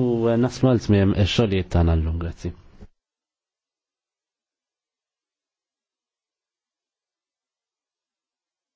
U eh, naslu għal-tmiem il-xoliet tana l